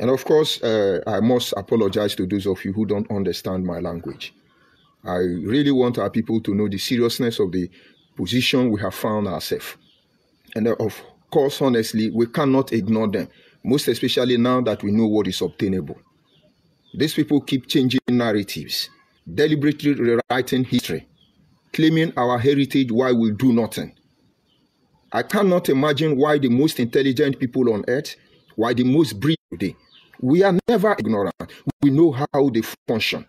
And of course, uh, I must apologize to those of you who don't understand my language. I really want our people to know the seriousness of the position we have found ourselves. And uh, of course, honestly, we cannot ignore them, most especially now that we know what is obtainable. These people keep changing narratives, deliberately rewriting history, claiming our heritage while we do nothing. I cannot imagine why the most intelligent people on earth, why the most brilliant, we are never ignorant. We know how they function.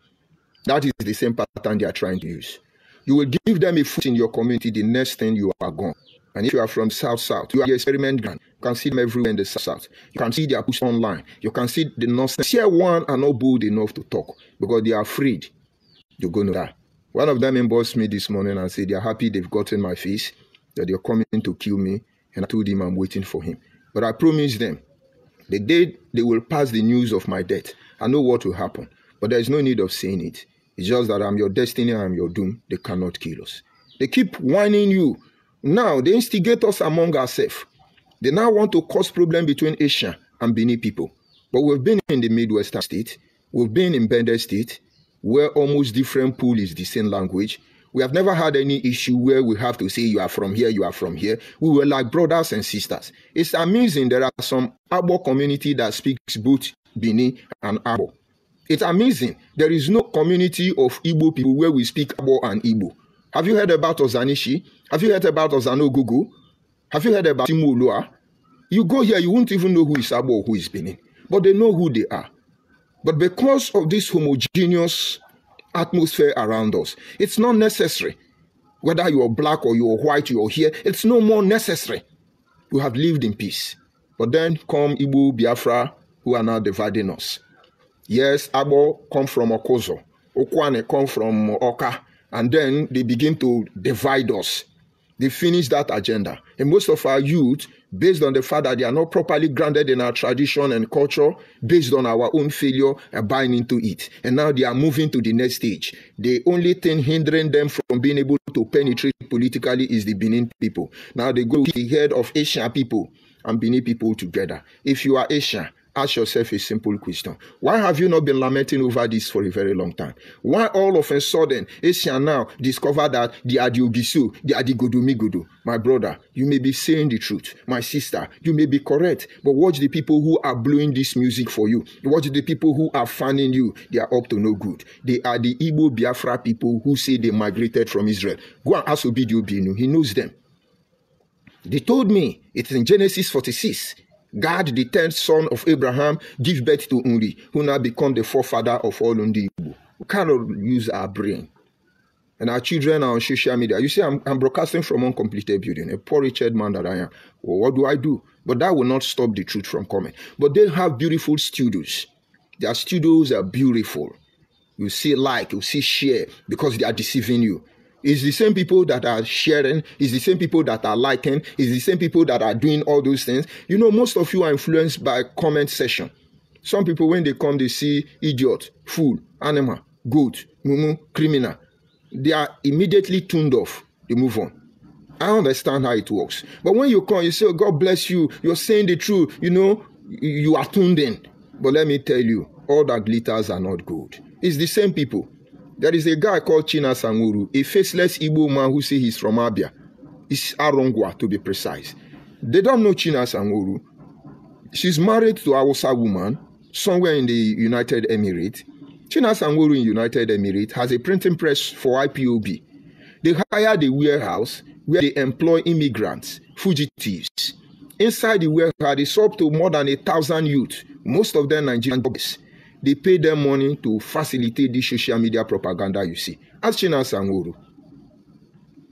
That is the same pattern they are trying to use. You will give them a foot in your community, the next thing you are gone. And if you are from South South, you are the experiment ground. You can see them everywhere in the South South. You can see their push online. You can see the nonsense. Here one are not bold enough to talk because they are afraid you're going to die. One of them embossed me this morning and said, They're happy they've gotten my face, that they're coming to kill me. And I told him I'm waiting for him. But I promised them The day they will pass the news of my death, I know what will happen, but there is no need of saying it. It's just that I'm your destiny, I'm your doom. They cannot kill us. They keep whining you. Now they instigate us among ourselves. They now want to cause problem between Asian and Bini people. But we've been in the Midwestern state, we've been in Bender state, where almost different pool is the same language, We have never had any issue where we have to say you are from here, you are from here. We were like brothers and sisters. It's amazing there are some Abo community that speaks both Bini and Abo. It's amazing. There is no community of Igbo people where we speak Abo and Igbo. Have you heard about Ozanishi? Have you heard about Ozanogugu? Have you heard about Timolua? You go here, you won't even know who is Abo or who is Bini, But they know who they are. But because of this homogeneous atmosphere around us. It's not necessary. Whether you're black or you're white, you're here, it's no more necessary. We have lived in peace. But then come Ibu Biafra, who are now dividing us. Yes, Abo come from Okozo. Okwane come from Oka. And then they begin to divide us. They finish that agenda. And most of our youth based on the fact that they are not properly grounded in our tradition and culture, based on our own failure and uh, buying into it. And now they are moving to the next stage. The only thing hindering them from being able to penetrate politically is the Benin people. Now they go to the head of Asian people and Benin people together. If you are Asian, ask yourself a simple question. Why have you not been lamenting over this for a very long time? Why all of a sudden Asian now discover that they are the Ogisu, they the Godomigudu? My brother, you may be saying the truth. My sister, you may be correct. But watch the people who are blowing this music for you. Watch the people who are fanning you. They are up to no good. They are the Igbo Biafra people who say they migrated from Israel. Go and ask Obidio Binu. He knows them. They told me it's in Genesis 46 God, the tenth son of Abraham, gives birth to Unri, who now become the forefather of all Undi Igbo. We cannot use our brain. And our children are on social media. You see, I'm, I'm broadcasting from uncompleted building, a poor Richard man that I am. Well, what do I do? But that will not stop the truth from coming. But they have beautiful studios. Their studios are beautiful. You see like, you see share, because they are deceiving you. It's the same people that are sharing, it's the same people that are liking, it's the same people that are doing all those things. You know, most of you are influenced by comment section. Some people, when they come, they see idiot, fool, animal, goat, mumu, criminal. They are immediately tuned off. They move on. I understand how it works. But when you come, you say, oh, God bless you, you're saying the truth, you know, you are tuned in. But let me tell you, all that glitters are not good. It's the same people. There is a guy called China Sanguru, a faceless Igbo man who says he's from Abia. It's Arongwa, to be precise. They don't know China Sanguru. She's married to a Hausa woman somewhere in the United Emirates. China Sanguru in United Emirates has a printing press for IPOB. They hired a warehouse where they employ immigrants, fugitives. Inside the warehouse, they sold to more than a thousand youth, most of them Nigerian boys. They pay them money to facilitate this social media propaganda you see. As China Sanguru.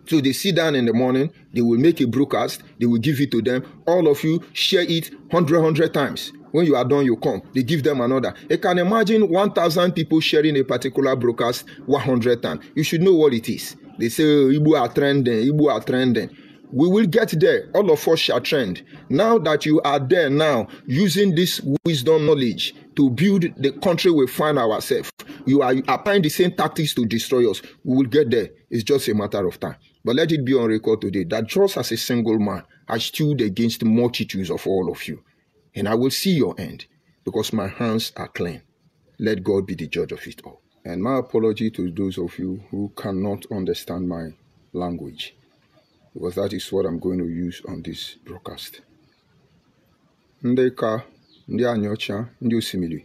So they sit down in the morning, they will make a broadcast, they will give it to them. All of you share it hundred hundred times. When you are done, you come. They give them another. You can imagine one thousand people sharing a particular broadcast one hundred times. You should know what it is. They say, oh, Igbo are trending, Igbo are trending. we will get there all of us shall trend now that you are there now using this wisdom knowledge to build the country we find ourselves you are applying the same tactics to destroy us we will get there it's just a matter of time but let it be on record today that just as a single man i stood against multitudes of all of you and i will see your end because my hands are clean let god be the judge of it all and my apology to those of you who cannot understand my language because that is what I'm going to use on this broadcast. ndị ka ndị ọcha ndị osimiri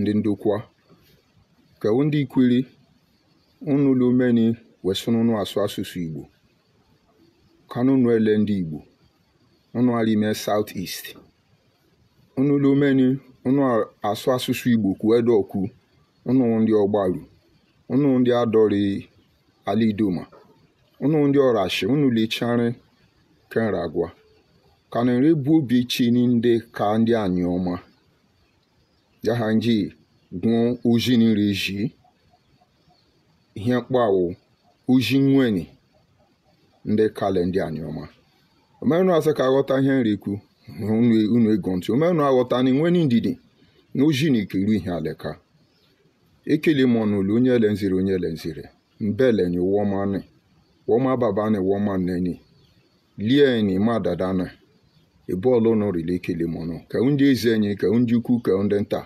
ndị ndokwa kewu ndị ikwili unu omeni wesununu asụ asụsụ igbo kanunu ele ndị igbo unu alime south east unu omeni unu asụ asụsụ igbo kwuo edo unu ndị ọgbaru unu ndị adọrị ala idoma unu ndi orashi unu lichari kenragwa kana ri bubi chini ndi ka ndi anyoma yaha nji gwuo uji nri ji ihe mkpawu uji nweni ndị kale ndị anyoma omenụ asị ka aghọta ihe nri kwu unu ego ntị omenụ aghọta na inwe ndidi na uji na ikiri ihe aleka ikili mọnụlu onye elenziri onye elenziri mbele na ụwọmanị Woma baba ni woma neni lieni madadana ibolo e no rilikili mono ka unje izenyi ka unje ku ka unde nta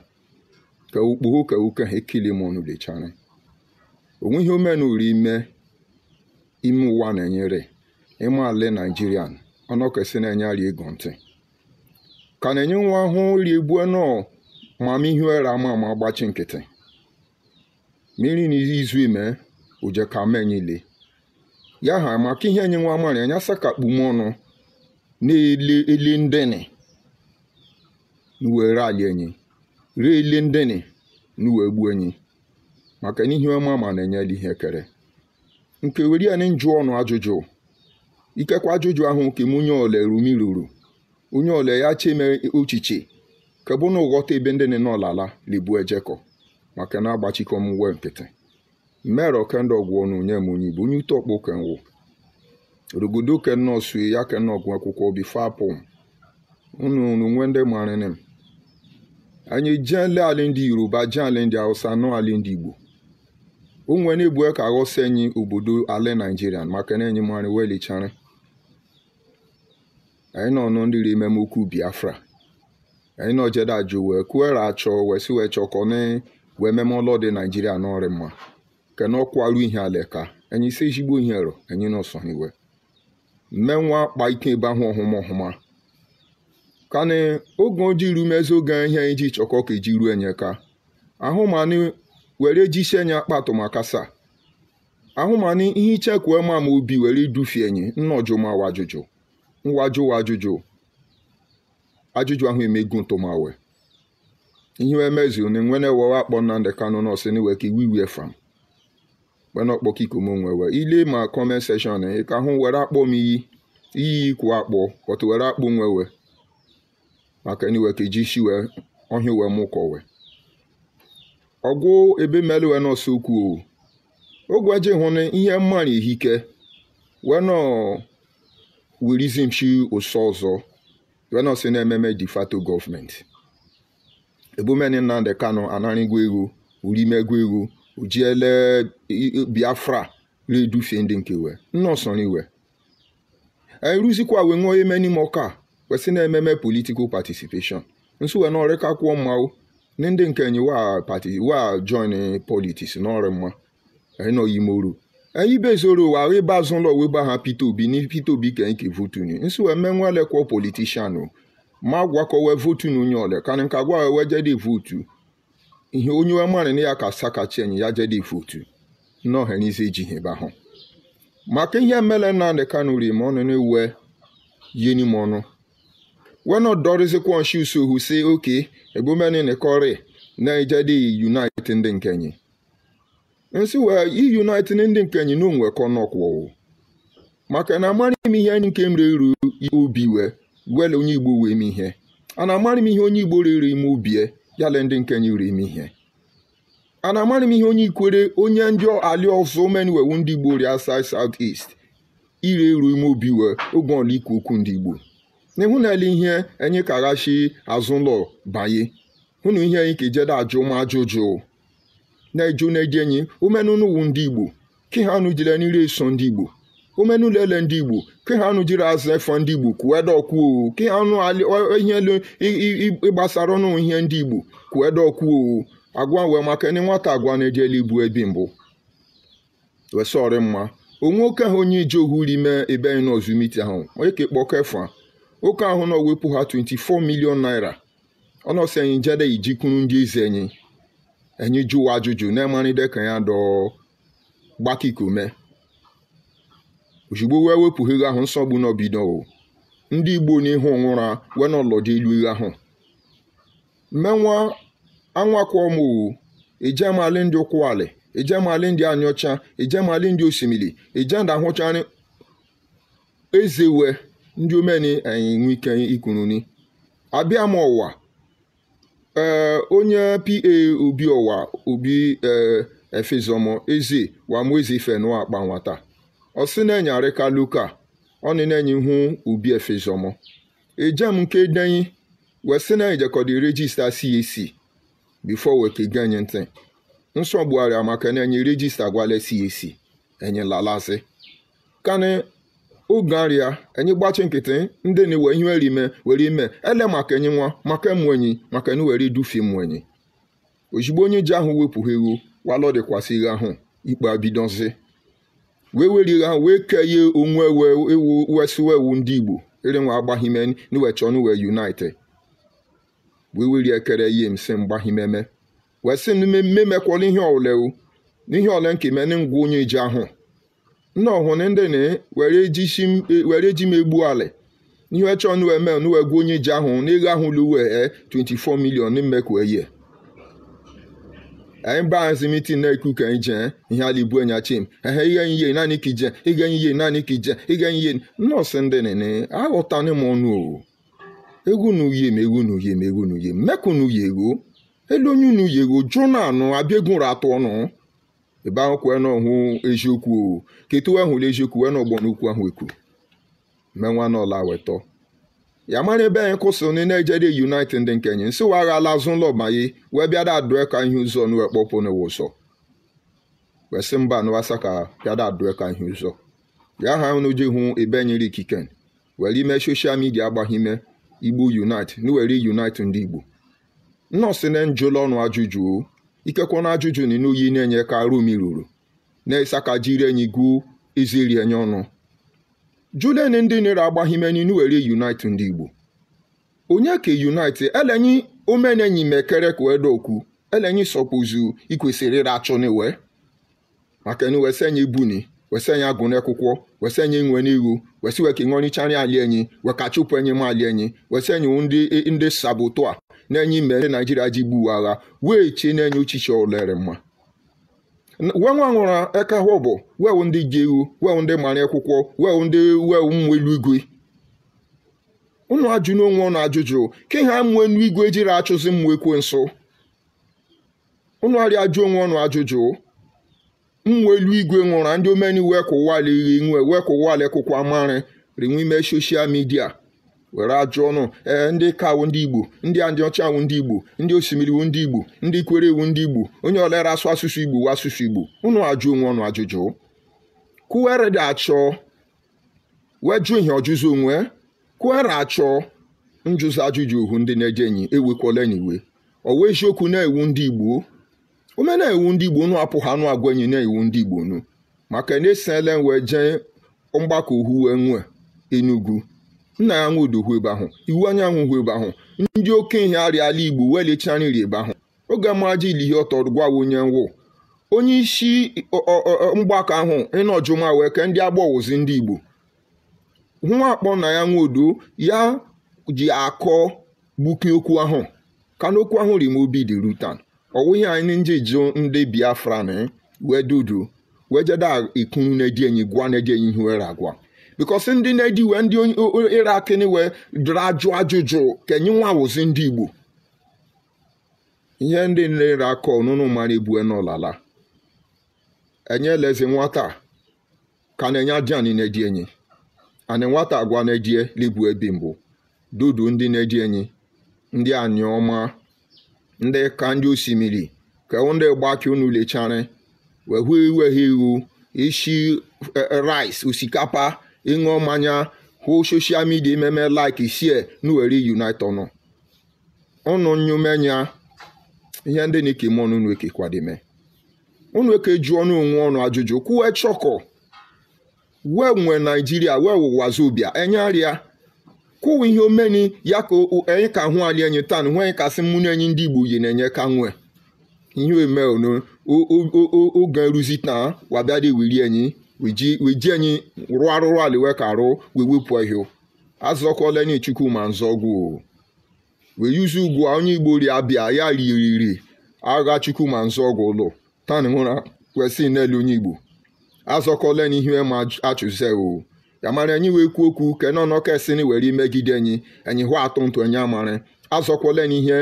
ka ukpu ka uka hekili mono lechana onwe ihe omenu rime ime ụwa na-enyere ịma ale naijirian ọnọkesi na-enye ari ego ntị ka na-enye nwa ahụ rigbuo e nọ mamihu era ama ama gbachi nkịtị mmiri na izu ime uje ka menyile ya ha maka ihe enye nwa amara anya sakakpu m ọnụ na-ele ele ndeni were ala enyi ree ele ndeni na wee gbuo enyi maka na ihe ọma ma na-enyela ihe ekere nke were ya na njụ ọnụ ajụjụ ikekwa ajụjụ ahụ kem m onye ole rumi ruru onye ole ya cheme ochiche kebụ na ụghọta ebe ndịnị nị n'ọlala libuo ejekọ maka na agbachikọ m nkịtị mero kendo gwonu nye munyi bu nyu to kpo kenwo rugudu kenno sui ya kenno gwa kuko bi fapo unu nu nwende marinin anyị jeele alị ndị yoruba jee alị ndị hausa nọ alị ndị igbo onwe na-ebu ka aghọsa enyi obodo ala naijiria maka na enyi mmanụ welichara anyị nọ nọ ndị rime m ukwu biafra anyị nọ jeda wee kwuere achọ wee si wee chọkọ na wee meme ọlọ dị naijiria n'ọrị mma kena o ihe ala ka enyi se ihe ihero enyi no iwe mee nwa kpa ike ebe ahụ ọhụma ọhụma kana oge ojiru mezi oge ihe iji chọkọ ka iji ruo enye ka ahụmanị were jisi enye akpatụ maka saa ahụmanị ihe ichekwue ma ma obi were dufie enyi nnọjụ ma wajụjụ nwajụ wajụjụ ajụjụ ahụ emego ntomawe ihe emezu na na wewe akpọ nnamdị kanụ nọsị niwe ka iwe fam kpena ọkpọkikom nwewe ile ma kọment seshọn ka hụ were akpọ iyi iyi ikwu akpọ kọtụ were akpụ nwewe maka eniwe ka iji shi ọhịa uwe m ọgwụ ebe mmelụ wee nọsọ ukwu ogwe hụ na ihe mmanụ ihike wee nọ wirizi mchi ụsọ ọzọ wee nọsị na ememe de facto ego ego ojiele biafra na-edufie ndị nke wee nnọọ iwe eruzikwa wee ṅụọ eme n'ime ọka kwesị na-ememe politikal participation nso wee n'ọrịka kwụọ mmanwụ na ndị nke enyi wa pati wa join politics n'ọrụ mma enọghị oru e, ibe zoro wa ịba azụlọ wee gba ha Peter Obi na Peter Obi ka nke votunu nso wee mee nwa elekwọ politishan ma gwakọwe votunu onye ole ka nka gwa wejedị votu ihe onye amarị ya ka sakachi enyi ya jede ifutu n'ọhịa n'izi iji hebe hụ. maka ihe mere na adịkanuri ma ọnụ na-ewe yi n'ime ọnụ na dọrịzikwa nshi usohu si oke ebumeninikọrị na ijede unite ndị nkenyi nsi wee iunite ndị nkenyi na onwekọ n'ọkwụwụ maka na amarị m ihe nke m rere obi wee wele onye igbo wee m ihe a na amarị m ihe onye igbo rere ime obie ya le ndị nke nyere m ihe a na-amarị m ihe onye ikwere onye ndị ali ọzọ omenwewu ndị igbo ria sid south est ire eru ime obi we oge ọlaike ukwu ndị igbo n'ihu na-ele ihe enye kaghachi azụ ụlọ banye hụnụ ihe anyị ka ajụ ma ajụjụ na-eju na-eji enyi omenunu ndị igbo ke ha nụ n'ire so ndị igbo omenụlọ ele ndị igbo ke ha anụ jiri azụ efọ ndị igbo kwuedokwu ke ha anụ e ihe elu ịgbasara ọnụ ihe ndị igbo kwuedokwu agwa wee maka ndị nwata agwa na-eji elu ibu ebi mbụ wesọrị mma onwe oke ahụ onye ije ohuri mee ebe anyị n'ozumite ahụ eke kpọkọ efa oke ahụ na owepụ ha 24 milion naira ọnọsị anyị jede ijikwuru ndị eze enyi enyi jụwa ajụjụ na-emaride ka ya dọọ gbakikume ozugbo wee wepụghị ego ahụ nsogbu n'obido ndị igbo n'ihu nwụra wee n'ọlọdị ilu ihe ahụ menwa anwakwamou ijemali ndị ụkwụali ijemali ndị anyọcha ijemali ndị osimiri ijenda ahụcharị ezewe ndị omeni enwe ike ikununi abịa m ọwa ee onye pa obi ọwa obi ee efezọmọ eze wamụ eze ife nụ akpa nwata osi na-enyarị ka luka na-enye hu ubi efezọmọ ejem nke denyi wesi na ijekọdị rejista cac bifo wekegenyi ntị nsọ gbugharị amaka na-enye rejista gwale cac enyi lalasị kani ogaria enyi gbachi nkịtị ndị na-ewe ihe erime were ime ele maka enyi nwa maka mụ maka na were idufe mụ enyi ozugbo onye ji ahụ wepụghị iwu ihe ahụ ikpe abidozi wee weri ha wee kee ye onwe ewu wesiwa ewu ndị igbo irinwa agbahime n'wechọnụ wee united wee weri ekere ye m si mgbahimeme wee sị mme mekwala ihe ole n'ihe ole nke mene ngwa onye ji ahụ nna ọhụrụ ndị na were eji e, m egbu ala ihe chọnụ wee mee n'uwe gwa onye ji ahụ na ego ahụ luwe 24 eh, million mmekwa ye anyị ba anyị mitin na-ekwu ka anyị jee ihe ala nyachim enya chim ehe ihe nyiye naanị ka ije ịga nyiye naanị ka ije ịga nyiye nọọsụ ndị nene aghọtana m ọnụ o egwu na uye m egwu na uye m egwu na uye m mekwu na uye egwu elu onye unu yi ego jụ na anụ abịa egwu atụ ọnụ ebe ahụ kwee na ọhụ eziokwu o ketewa hụrụ eziokwu wee na ọgbọ n'okwu ahụ ekwu menwa n'ọla wetọ ya mara ebe anyị kwụsịrị Nigeria United ndị nkenye nsị wa aghala azụ ụlọ mayi wee bịada adụeka ihe ụzọ nu wee kpọpụ ụzọ wee sị mba n'wasa ka bịada adụeka ihe ụzọ ya ha unu ji hụ ibe nyere ikike were ime soshal midia agbaghị ime igbo unite n'were unite ndị igbo nọọsụ na-njụla ọnụ ajụjụ ikekwe na ajụjụ na inuyi na-enye ka rum ruru na-esaka jiri enyi gụ iziri ọnụ juleni ndị nere ni nuwere unite ndị igbo onye ka unite elenyi omenenyi mekere ka wee dokwu elenyi sọpụzụ ikwesịrị ịra achụni wee maka ni wesenye ibuni wesenye agụnụ akwụkwọ wesenye nwe n'ihu wesị ka ịṅọnichara ali enyi wekachụpụ enyi m ali enyi wesenyewu ndị ndị a na-enye mere naijiria ji gbuwe agha wee chie na-enye uchichi olere mma uwe nwa nwụrụ aka hụ bụ wewu ndị ji ewu wewu ndị mara akwụkwọ wewu ndị wewu nwa elu igwe unu ajụ n'onwe unu ajụjụ ke ha mụ eluigwe igwe jiri achụzi mmụọ ekwe nso unu arịa ajụ onwe unu ajụjụ mmụ elu nwụrụ ndị omeni wee kwụwa ala eghe nwe wee kwụwa ala kwụkwa amarị rinwe ime soshal midia were ajụ ọnụ ee eh, ndị ka awụ ndị igbo ndị a ndị ọcha awụ ndị igbo ndị osimiri wu ndị igbo ndị kwere iwu ndị igbo onye olere asụ asụsụ igbo wu asụsụ igbo ụnụ ajụ onwe ọnụ ajụjụ kwuere dị achọ ihe ọjụzụ onwe kwuwere achọ njụzụ ajụjụ ohu ndị na-eje enyi ewekwala enyi we ọwa eziokwu na-ewu ndị igbo ume na-ewu ndị igbo nụ apụghị anụ agwa enyi na-ewu ndị igbo unu maka na esela wee jee mgbakọ uhu wee nwee enugwu nna ya nwudu hụ ebe ahụ iwu anyanwụ hụ ebe ahụ ndị okenye arịala igbo welechara nri ebe ahụ oge amaji ili ihe gwa gwawa onye nwụ onye isi mgbakọ ahụ ịnọjuma wee ke ndị agbọwụzi ndị igbo nwa akpọ na ya nwudu ya ji akọ gbuke okwu ahụ ka n'okwu ahụ ma obi dị rutan ọwụghị anyị ndị jụ ndị biafra na wee dudu wee jeda ikunu na-eji enyi gwa na-eji enyi ihe were agwa bikọsi ndị na-eji wee ndị ịra Iraq wee dịrị ajụ ajụjụ ka nwa nwawụzi ndị Igbo ihe ndị na-ere aka ọnụnụ mara ibue n'ọlala enyela eze nwata ka na-enye anyị na-eji enyi Anyị nwata agwa na-ejie ligwu ebi mbụ dudu ndị na-eji enyi ndị anyị ọma ndị ka ndị osimiri ka ndị gbaki unu lechara wee hụ iwe ha iwu isi e, e, rice osikapa ịṅụọ mmanya hụ soshal midia ememe like share n'uwere nọ. ọnụ ụnụ ihe ndị eke mmụọ n'ụnụ ụnụ eke ju n'onwe onwe ọnụ ajụjụ kwuwe chọkọ wee nwe naijiria wee wụwa zobia enyearịa kwụwa ihe omeni ya ka enyi ka hụ anyị enyi taa na nwe anyị kasị enyi ndị igbo yi na-enye ka nwee ihe eme oge nruzi taa wabịadị wiri enyi weji anyị rụọ arụrụ aliwe ka arụ wee wepụ ehio azọkwala enyi chukwuma nzọgwu wee yuzu ugwu onye igbo ri abịa ya ririri agha chukwuma nzọgwu ụlọ tani nwụra kwesị n'elu onye igbo azọkwala enyi ihe ma achụze o ya mara enyi wee kwuo okwu ke nọnọ kesịnị were imegide enyi enyi hụ atụ ntụ enyi amara azọkwala ihe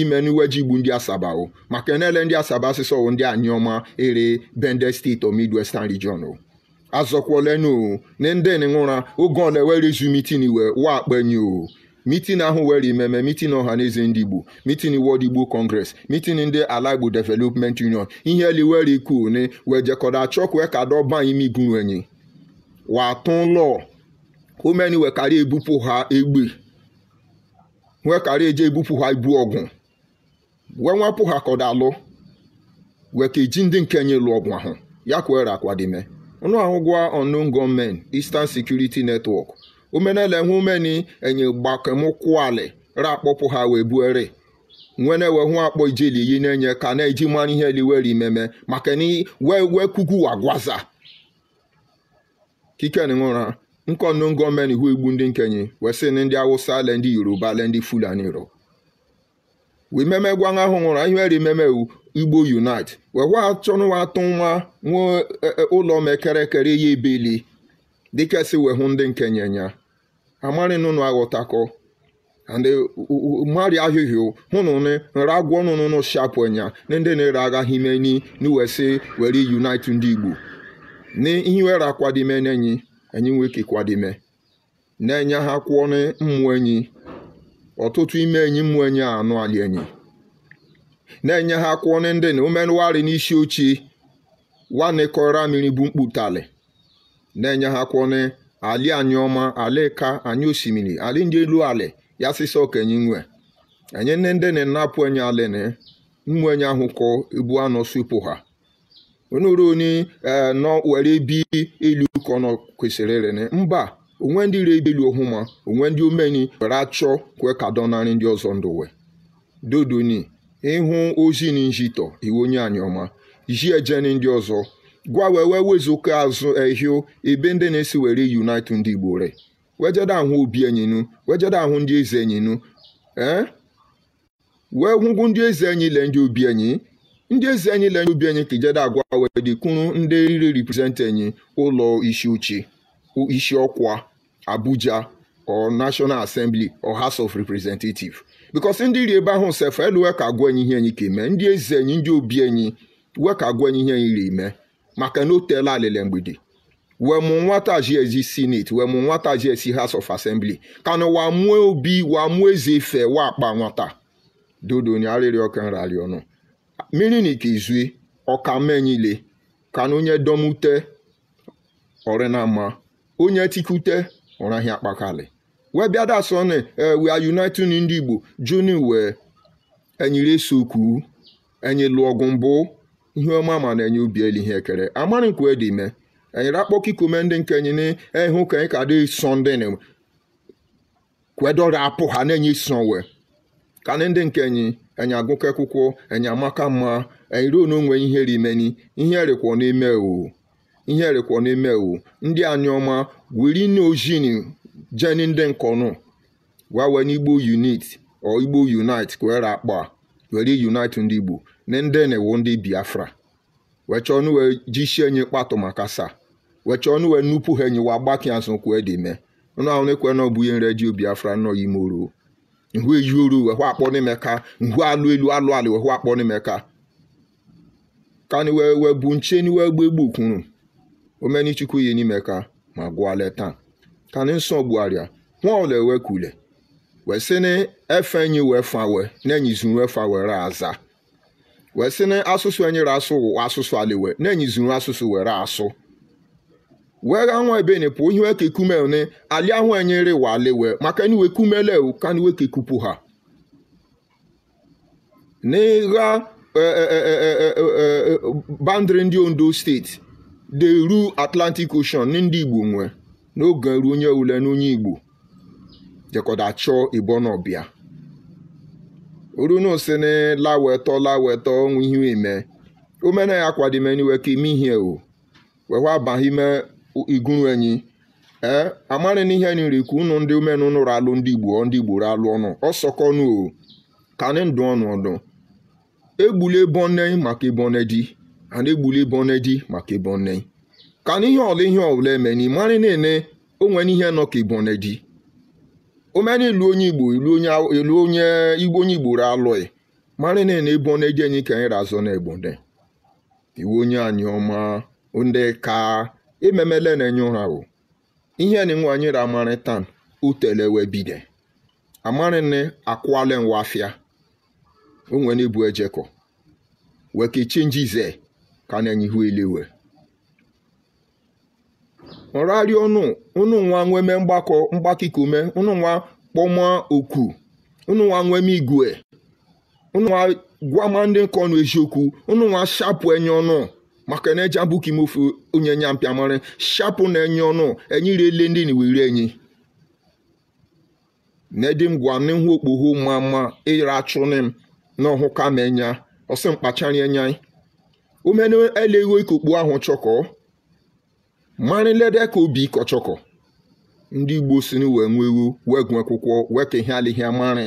ime n'uwe ji igbu ndị asaba o maka enele ndị asaba asịsọ ndị anyị ọma ere bende steeti o midwestern region o azọkwolenu ne ndeni ṅụra oge ọla were izu mitin iwe wa akpenyu mitin ahụ were imeme mitin ọha na eze ndị igbo mitin World Igbo Congress mitin ndị ala igbo Development Union ihe eliwere ikune wee jekọda achọkwe ka dọba ime igunwenyi watụlọ omeni wekara ebupụ ha egbe nwekara eje ebupụ ha ibu ọgwụ wee ha kọdalụ alụ, ka eji ndị nke nye lụọ ọgwụ ahụ ya kwere akwadime unuahụgwa ọnụ gọọmenti Eastern Security Network umenele meni enye ra akpọpụ ha wee buere nwene wee hụ akpọ ijili yi na-enye ka na-eji mmanụ ihe eliwere imeme maka na wee wee kuku gwaza kiken nwụra nkọnụ gọọmenti ihu igbu ndị nkenye wee sị ndị awụsa le ndị yoruba le ndị fulani ro wee gwa ahụ nwụra ihe eri meme iwu Igbo Unite wee achọnụwa atụ nwa nwee e, ụlọ mekere ekere ya ibili dịka si wee hụ ndị nkenyenya amarinụnụ aghọtakọ ndị e, mmadụ ahụhụ hụnụ nị nra agwọ nụnụ nụ shapụ nya na ndị na-ere agha himeni n'uwesi were unite ndị Igbo na ihiwere akwadime n'enyi enyi nwee ike kwadime na-enye ha kwụọ mmụọ enyi ọtụtụ ime enyi mmụọ enyi a anụ ala enyi na-enye ha akwụ ọnụ ndị na n'isi ochie nwanne kọrọ mmiri bụ mkputali na-enye ha akwụ ọnụ ali anyị ọma ala ịka anyị osimiri ali ndị elu ali ya sịsa okenye nwe enye nne ndị na-enapụ enye alịnị mmụ enye ahụ kọ ebu anọ supụ ha onuru ni e, nọ were bi elu ka ọ kwesịrị ịrịnị mba onwe ndị rebe elu ohụma onwe ndị omeni were achọ kwee ka dọnarị ndị ọzọ ndụ wee dodoni ịhụ ozi na njitọ iwe onye anyị ọma ji ejeni ndị ọzọ gwa wee wezụka azụ ehio ebe ndị na-esi were unite ndị igbo re wejede ahụ obi enyinu wejede ahụ ndị eze enyinu ee wee hụgwu ndị eze enyi le ndị obi enyi ndị eze enyi le ndị obi enyi ka ijede agwa wee dịkwuru ndị riri represent enyi ụlọ isi uche isi ọkwa abuja or national assembly or house of representative because ndị ri ebe ahụ sef elu weka agwa anyị ihe anyị ka eme ndị eze anyị ndị obi anyị weka agwa anyị ihe anyị ri eme maka na o teela alịlị mgbidi wee mụ nwata ji ezi senate wee mụ nwata ji esi house of assembly kana wa mụọ obi wa mụọ eze ife wa akpa nwata dodo nya arịrị ọka nrarị ọnụ mmiri na ike izue ọka mee niile kana onye domute ọrịna ma onye tikute ọrahịa akpakalị webiada sone eh, we are uniting ndị igbo juni wee enyere esokwu enyelu ọgwụ mbụ ihe ọma ma na-enye obi elu ihe ekere amara nkwe dị ime enyere akpọ ikume ndị nke enyi na-ehụ ka anyị ka dị sọnde na kwedọrọ apụ ha na-enye sonwe ka ndị nke enyi enye agụkọ akwụkwọ enye amaka mma enyere onwe ihe rimeni ihe e rịkwọ n'ime ewu ihe e rịkwọ n'ime ewu ndị anyị ọma wiri na ojini Jenny Ndenkonu wee wee n'Igbo unit or Igbo unite ka were akpọ a were unite ndị Igbo na ndị na-ewu ndị Biafra wee chọọ ọnụ wee jishi enyi kpatụ maka saa wee chọọ ọnụ wee nnupu ha enyiwa wa gbakị azụ kwue dị mee nụ ahụ na-ekwe na ihe nredio Biafra nọ ime oruo nhu eyi oru wee hụ akpọ n'imeka nhu alụ elu alụ alị wee hụ akpọ n'imeka kani wee bụ nche wee gbegbu kwuru omenichukwu yi n'imeka ma gụọ leta tani nsọ gbugharịa nwaole wee kwule wee sị na efe enyi wee fawe na-enyizu wee were aza wee na asụsụ enyere asụ asụsụ aliwe na-enyizu asụsụ were asụ wee ga nwa ebe ni onye ihe kekume ne ali ahụ enyere wa aliwe maka eniwe kumele kaniwe kupu ha n'ịgha e, e, e, bandri ndị ondo steeti deru atlantic ocean ndị igbo nwee n'oge ruo onye ule n'onye igbo jekọda chọọ igbo n'ọbịa orunusini lawetọ lawetọ onwe ihu ime omena ya akwadimeniwe ka ime ihe o wehwe abahime iguru enyi ee amara na ihe nri ka unu ndị umenu nụrụ alụ ndị igbo ndị igbo alụ ọnụ ọsọkọnụ o ka ndụ ọnụ ọnụ egbuli ebonne maka ebonne di ana egbuli ebonne di maka ibonne ka e na ihe ọla ihe ọbụla eme na ịmarị na-ene onwe n'ihe nọ ka igbo na-eji omena ilu onye igbo ilu onye igbo onye igbo alụghị e. marị na-ene ebe na-eji enyi ka anyị razọ na egbone iwu onye anyị ọma ndị ka ememele na-enye ụra o ihe na nwe anyị ra amarị tan utele wee bide amarị na akwụale nwa afịa onwe na ibu ejekọ wee njize ka e na-enyihu iliwe nrarị unu unu nweme mgbakọ mgbakọ ikume unu nwa oku ụnụnwa nweme igwe unu nwa ndị nkọ nụ eziokwu ụnụnwa shapụ enye ọnụ maka na eji abụ kim onye nya mpịamarị shapụ na enye ọnụ enyi rele ndị na iwere enyi na edi m gwa m n'ihu okpogho mma mma ịra m na ọhụka ma enya ọsị mkpachara enya omenu eleghị ikokpu ahụ chọkọọ marilede ka obi kọchọkọ ndị igbo si wee nwee iwu wee gụọ akwụkwọ wee ka ihe alịghị amarị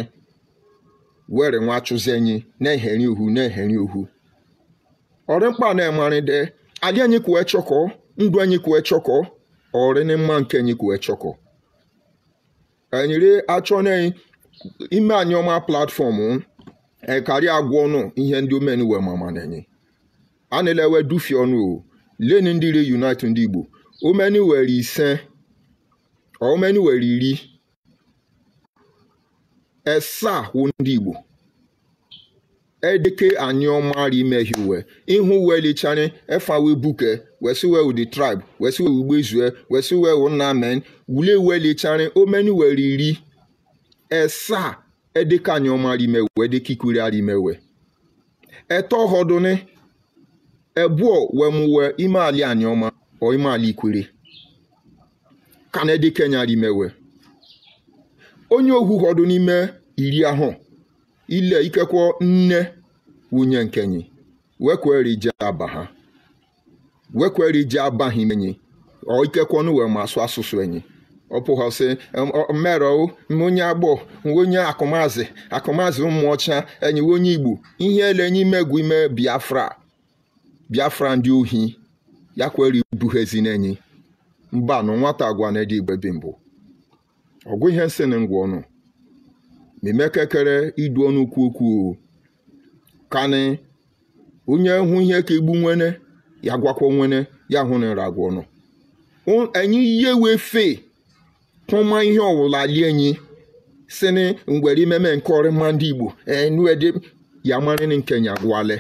were nwa achụzi enyi na-eheri uhu na-eheri uhu ọrị mkpa na-emaride adị anyị kwue chọkọ ndụ anyị kwue chọkọ ọrị na mma nke anyị kwue chọkọ enyere achọ na ime anyị ọma platfọmụ ekarịa agwa ọnụ ihe ndị omeni wee mama na anyị a na-elewe dufie ọnụ o leni ndị reunite ndị igbo How many were he sent? Or how many were he re? Esa wondibo. Edeke and your marry mehiwe. In who were the channel, if I will book her, where see where the tribe, where see where we were, where see where one man, will where the channel, how many were he re? Esa edeke and your marry mewe, edeke kuriari mewe. Eto hodone, ebuo wemuwe imali anyoma. ime ala ikwere kanedi kenya rimewe onye ohu ụfọdụ n'ime iri ahụ ile ikekwo nne wunye nkenyi wekweri je aba ha wekweri je abaghị menyi ọ ikekwe ọnụ wee ma asụ asụsụ enyi ọpụghọsị mmerọ onye agbọ onye akụmazị akụmazị ụmụ ọcha enyi onye igbo ihe ele enye imegwu ime biafra biafra ndị ohi ya kwere ibu ha ezi n'enyi nwata agwa na-eji igbe bi mbụ ọgwụ ihe nsị na ngwa ọnụ mimekekere idu ọnụ ukwu ukwuu kanị onye hụ ihe ka igbu nwene ya gwakwa nwene ya hụ na nra agwa ọnụ enyi ihe wee fee kpụma ihe ọwụla lie enyi sini ngwere imeme nke ọrịma ndị igbo enuedi ya marịrị nke nya gwale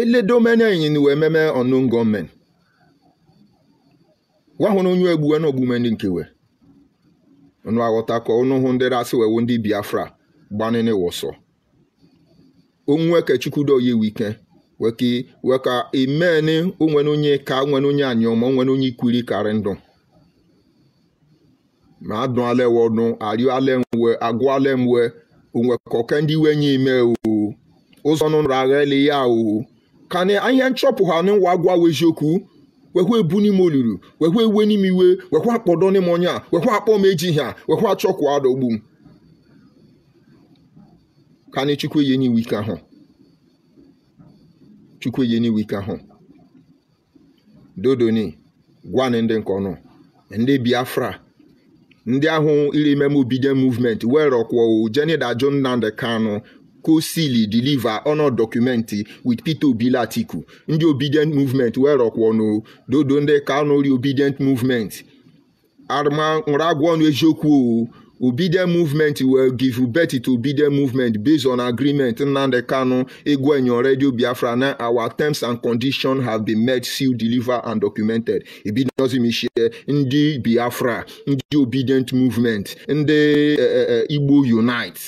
eledomene yini wememe ọnụ gọọmenti gwa hụrụ onye egbuwe na ogbume ndị nkewe ụnụ aghọta ka ụnụ hụ ndị rasị wewu ndị biafra gbanịnị wụsọ onwe kechukwudoyi wike weka weka imeni onwere onye ka nwere onye anyụma onwere onye ikwiri karị ndụ ma adụ alewe ọnụ arịọ alemwe agwụ alemwe onwekọke ndị iwe nye ime oo ụzọ nụrụ aghali ya oo ka na ahịa nchọpụ ha n'ịwa agwa we eziokwu wekwa ebu n'ime olulu wekwa ewe n'ime iwe wekwa akpọdo n'ime ọnya wekwa akpọ m eji ha wekwa achọkwụ adọgbu m ka anyị chukwu enye n'iwu ike ahụ chukwu enye n'iwu ike ahụ dodoni gwanị ndị nke ọnụ ndị biafra ndị ahụ ile ime m obidie movement were ọkwọ jeni dajụ nnamdị kanụ Kosili deliver honour document with Peter Obi Latiku. Ndị obedient movement werọkwa ọnụ dodo ndị kanori obedient movement. Arma nwere agwa ọnụ eziokwu o. Obedient movement will give you birth to obedient movement based on agreement Nnamdi Kanu Egwenyo Radio Biafra na our terms and conditions have been met sealed delivered and documented. Ebi Ibidinozimichie ndị Biafra ndị obedient movement ndị eh, eh, eh, Igbo unite.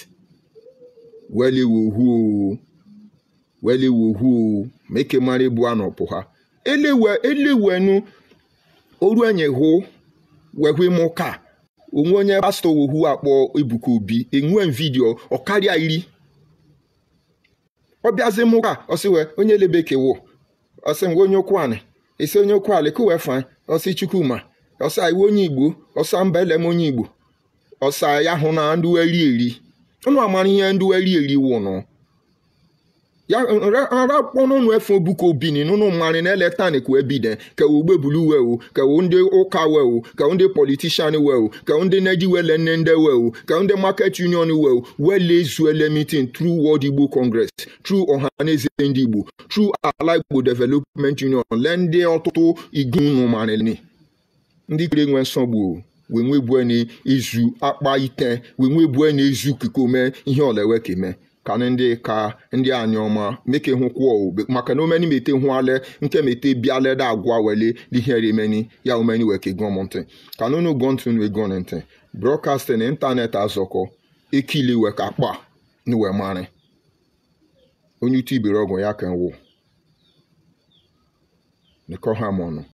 weli wuhuu weli wuhuu ma ike mara ibu a n'ọpụ ha elewe elewenu oru enyi hụ wehụ ime ụka onwe onye pastọ wuhu akpọ Ebuka Obi enwe vidiyo ọ karịa iri ọ bịazi m ụka ọsịwe onye elebeke wụ ọsị mgbe onye ụkwụ anị esi onye ụkwụ alị kụwe fa ọsị Chukwuma ọsị iwe onye Igbo ọsọ mba elem onye Igbo ọsọ ya hụ na ndị eri eri ɔno amanneɛ ndi wɔalieli wo no ara kpɔnɔ nu ɛfɔ buko bini nunu mari na ɛlɛ tani ko ɛbi dɛ kɛ wo gbe bulu wɛ o kɛ wo nde oka wɛ e o kɛ wo nde politician wɛ o kɛ wo nde nɛji wɛ lɛ nɛndɛ wɛ o kɛ wo nde market union wɛ o wɛle zu ɛlɛ meeting through world igbo congress through ọhaneze ndi igbo through ala development union lɛ ndị ọtụtụ igun nu mari ni ndị kere nwe nsogbu o. wee nwebueni izu akpa ite wee nwebueni izu kikome ihe olewe ka ime e ka ndị ka ndị anyị ọma meke hụkwuo ube maka na omeni mete hụ ale nke mete bịale da agwa wele lihere emeni ya omeni weke gọmọntị ka nunu e gọntụ nwe gọntị brọkastin ịntanetị azọkọ ekili weka akpa nwe mari onye utu ibere ọgwụ ya ka wụ nekọ ha mọnụ